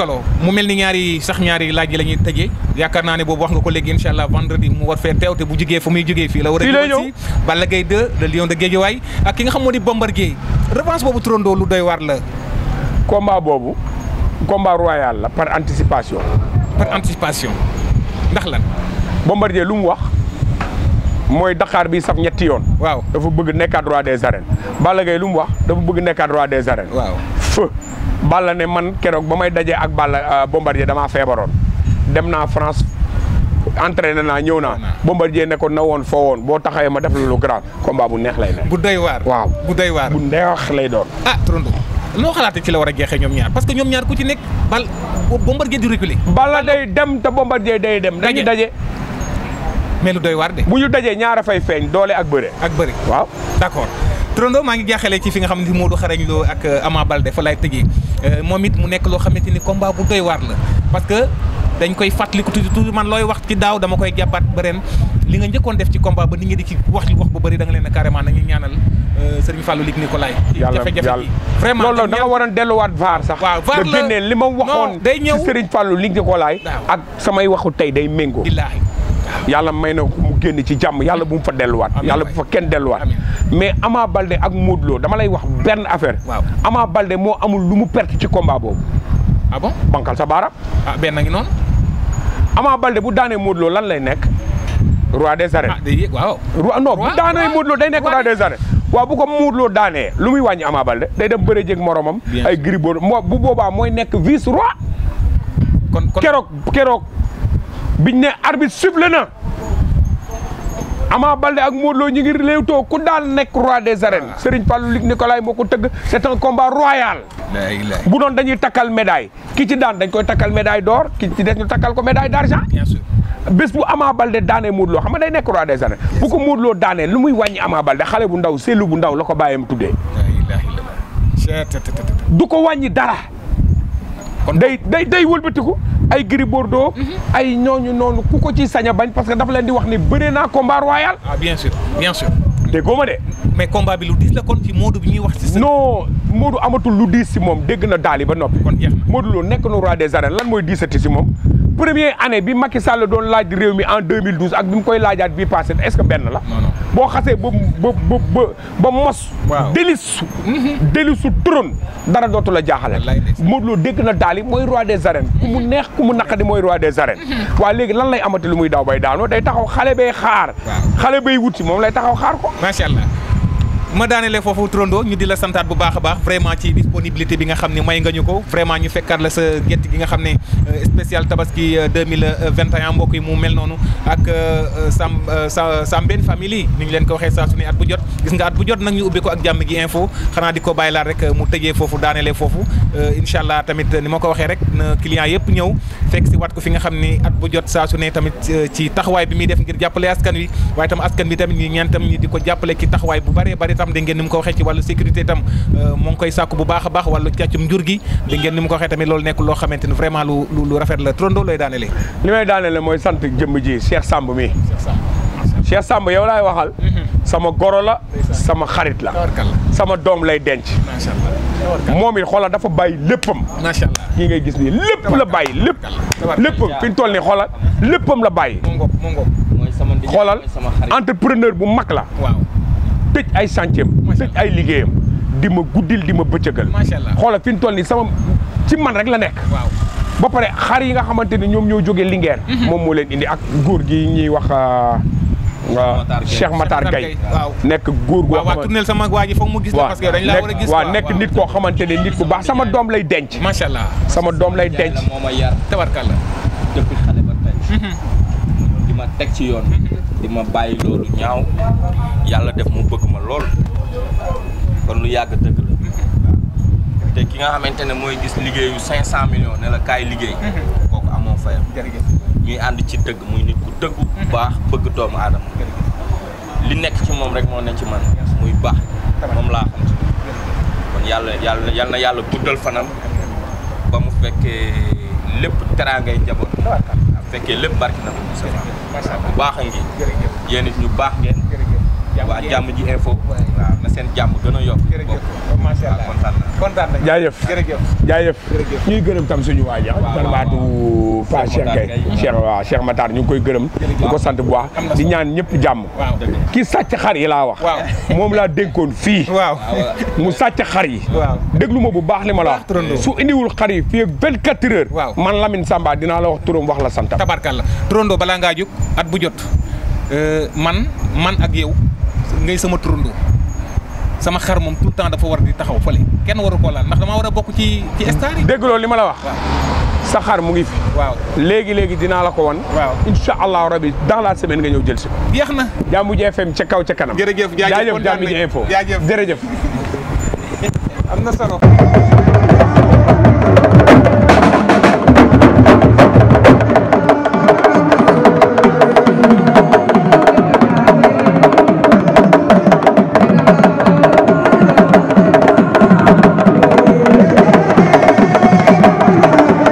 solo mu mel ni ñaari sax ñaari laaj yi la ñuy tëjee yaakaar naa ne boobu wax nga ko léegi incha allah vendredi mu war fee teew te bu jugee fu muy jugee fii la war a ñëw Balla Gaye 2 le lion de Guédiawaye ak ki nga xam moo di Bombardier revanche boobu turandoo lu doy waar la combat boobu combat royal la par anticipation par anticipation ndax lan Bombardier lu mu wax mooy Dakar bi saf ñetti yoon waaw dafa bëgg nekkaat roi des arènes Balla Gaye lu wax da bëgg nekkaat roi Balla ne man keroog ba may dajee ak Balla euh, Bombardier damaa feebaroon dem naa France entraîné naa ñëw naa. Bombardier ne ko na woon foo woon boo taxawee ma def la lu grand combat bu neex lay ne bu day waar waaw bu doy waar. neex lay doon. ah Turandoo noo xalaatee ci la war a jeexee ñoom ñaar parce que ñoom ñaar ku ci nekk Bal Bombardier di reculer. Balla day dem te Bombardier day dem. dañuy daje. mais lu doy waar de. bu ñu dajee ñaara fay feeñ doole ak bëre. ak bëre waaw d'accord. turandoo maa ngi jaaxalee ci fi nga xam ne Modou Xarañ Lo ak euh, Ama Balde fa laay tëjee euh, moom it mu nekk loo xamante ni combat bu doy waar la parce que dañ koy fàttaliku toujours tu man looy wax ci daaw dama koy jàppaat ba ren li nga njëkkoon def ci combat ba nit ñi di ci wax li wax bu bëri da nga leen a carrément nañu ñaanal euh, Serigne Fallou Ligue Nicolas. yàlla yàlla vraiment loolu da nga waroon delluwaat VAR sax. waaw VAR la nga li ma waxoon. day ñëw ci Serigne Fallou Ligue yàlla may na mu génn ci jàmm yàlla bu mu fa delluwaat yàlla bu fa kenn delluwaat mais Ama Baldé ak Modou dama lay wax benn affaire Ama Baldé moo amul lu mu perte ci combat boobu ah bon bankal sa baaraam ah benn ngi bu daanee Modou lan lay nekk roi des arènes ah, waaw roi non bu daanee Modou day nekk roi des arènes waaw bu ko Modou Lo daanee lu muy wàññi Ama Baldé day dem bëre moroomam moromam ay Gris Bordeaux bu boobaa mooy nekk vice roi kon keroog biñ ne arbitre sifflé na Ama Baldé ak Modou Lo ñu ngi léewtoo ku daal nekk roi des arènes Serigne Fallou Luc Nicolaï moo ko tëgg c' est un combat royal bu don dañuy takkal médaille ki ci daan dañ koy takkal médaille d'or ki ci des takkal ko médaille d' argent bés bu Ama Baldé daanee Modou Lo xam nga day nekk roi des arènes bu ko Modou Lo daanee lu muy wàññi Ama Baldé xale bu ndaw seelu bu ndaw la ko bàyyam tuddee du ko wàññi dara day day day wëlbatiku ay Gris Bordeaux. Mhm. ay ñooñu noonu ku ko ci saña bañ parce que dafa leen di wax ni bëree naa combat royal. ah bien sûr bien sûr. déggoo ma de. mais combat bi lu diis la kon ci Modou bi ñuy wax. ci non Modou amatul lu diis si moom dégg na daali ba noppi. kon jeex na Modou nekk na roi des arènes lan mooy diisati si moom. première année bi Macky Sall doon laaj réew mi en 2012 ak bi mu koy laajaat bi passé est-ce que benn la. boo xasee ba ba ba ba mos. waaw délice. Mhm. délice su trône dara dootu la jaaxale. moo Lo dégg na daal yi mooy roi des arènes ku mu mhm. neex ku mu naqadi mooy roi des arènes. Mhm. waa léegi lan lay amati lu muy daw bay daanoo day taxaw xale bay xaar. xale bay wuti moom lay taxaw xaar ko. macha allah. ma daanelee foofu trondo ñu di la santaat bu baax a baax vraiment ci disponibilité bi nga xam ni may nga ñu ko vraiment ñu fekkaat la sa gétt gi nga xam ne euh, spécial tabaski 2021 euh, mbokk yi mu mel noonu ak euh, sam Sambène famille ni ñu leen ko waxee saa su jot gis nga at bu jot nag ko ak jàmm gi info xanaa di ko bàyyi laat rek mu tëjee foofu daanelee foofu incha allah tamit ni ma ko waxee rek na client yëpp ñëw fekk si waat ko fi nga xam ni at bu jot saa su ne tamit ci taxawaay bi muy def ngir jàppale askan wi waaye tam askan bi tamit ñi ñeen tam di ko jàppale ki taxawaay bu bare bare tam dégg ngeen ni mu ko waxee ci wàllu sécurité tam euh, mu ngi koy sàkku bu baax a baax wàllu càccum njur gi dégg ngeen ni mu ko waxee tamit loolu nekk loo xamante ni vraiment lu lu rafet la trondo lay daanele li may daanele mooy sant jëmm ji Cheikh Samb mi Cheikh Samb yow laay waxal mm-hmm. sama goro la sama xarit la sama doom lay denc moom it xoolal dafa bàyyi léppam macha allah kii ngay gis nii lépp la bàyyi lépp léppam fi ñu toll nii xoolal léppam la bàyyi xoolal entrepreneur bu mag la tëj ay chantier am tëj ay liggéeyam di ma guddil di ma bëccëgal xoolal fi ñu toll nii sama ci man rek la nekk ba pare xar yi nga xamante ni ñoom ñoo jógee Linguère mhm. moom moo leen indi ak góor gi ñuy wax ah, ah, Cheikh Matar Gaye nekk góor goo xamante ne sama waa ji foog mu gis la parce que dañ nekk nit koo xamante ne nit ku baax sama doom lay denc macha sama doom lay denc moo ma yar tabarkalla depuis mhm. yoon di ma bàyyi loolu ñaaw yàlla def mu bëgg ma lool kon lu yàgg dëgg la te ki nga xamante ne mooy gis liggéeyu 500 millions ne la kaay liggéey. kooku amoo fayam. ñuy ànd ci dëgg muy nit ku dëgg. bu baax bëgg doomu aadama. li nekk ci moom rek moo ne ci man muy baax moom laa xam ci kon yàlla yàlla na yàlla guddal fanam ba mu fekkee lépp teraangay njaboot. fekkee lépp barke na ko bu baax a ngi yéen it ñu baax ngeen waa jàmm ji info. waaw seen jàmm gën a yokk. jërëjëf macha allah kontaan na kontaan na ñuy gërëm tam suñu waa ja ah. barbaatu Pa Cheikh Gueye Cheikh waaw Cheikh Matar ñu ngi koy gërëm di ko sant bu baax di ñaan ñëpp jàmm ki sac xar yi laa wax moom laa dénkoon fii waaw mu sàcc xar yi déglu ma bu baax li ma la wax su indiwul xar yi fii ak vingt quatre man Lamine Samba dinaa la wax turam wax la santam tabarkalla turandoo balaa ngaa jóg at bu jot euh, man man ak yow ngay sama turandoo sama xar moom tout le temps dafa war di taxaw fële kenn waru koo laal ndax damaa war a bokk ci ci star yi. dégg li ma la wax. sa xar mu ngi fi. waaw léegi léegi dinaa la ko wan. waaw incha allahu rabi dans la semaine nga ñëw jël si ko. jeex na Jammou Ji FM ca kaw ca kanam. jërëjëf jaajëf jaajëf Jammou Ji info jërëjëf. am na solo.